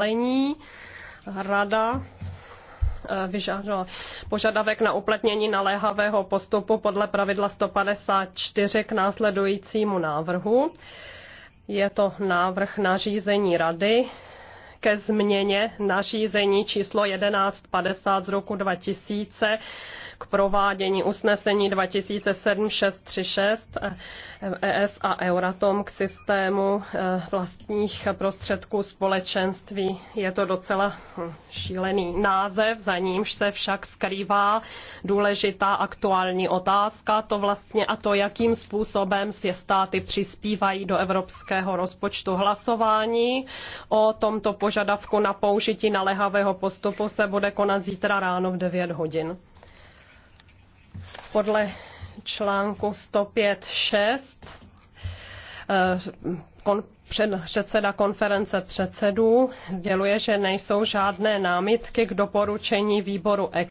sdělení rada eh, vyžádala požadavek na uplatnění naléhavého postupu podle pravidla 154 k následujícímu návrhu. Je to návrh nařízení rady ke změně nařízení číslo 1150 z roku 2000 k provádění usnesení 2007636 ES a Euratom k systému e, vlastních prostředků společenství. Je to docela hm, šílený název, za nímž se však skrývá důležitá aktuální otázka, to vlastně a to, jakým způsobem si státy přispívají do evropského rozpočtu hlasování o tomto požadavku požadavku na použití naléhavého postupu se bude konat zítra ráno v 9 hodin. Podle článku 105.6 eh, kon, předseda konference předsedů sděluje, že nejsou žádné námitky k doporučení výboru EK.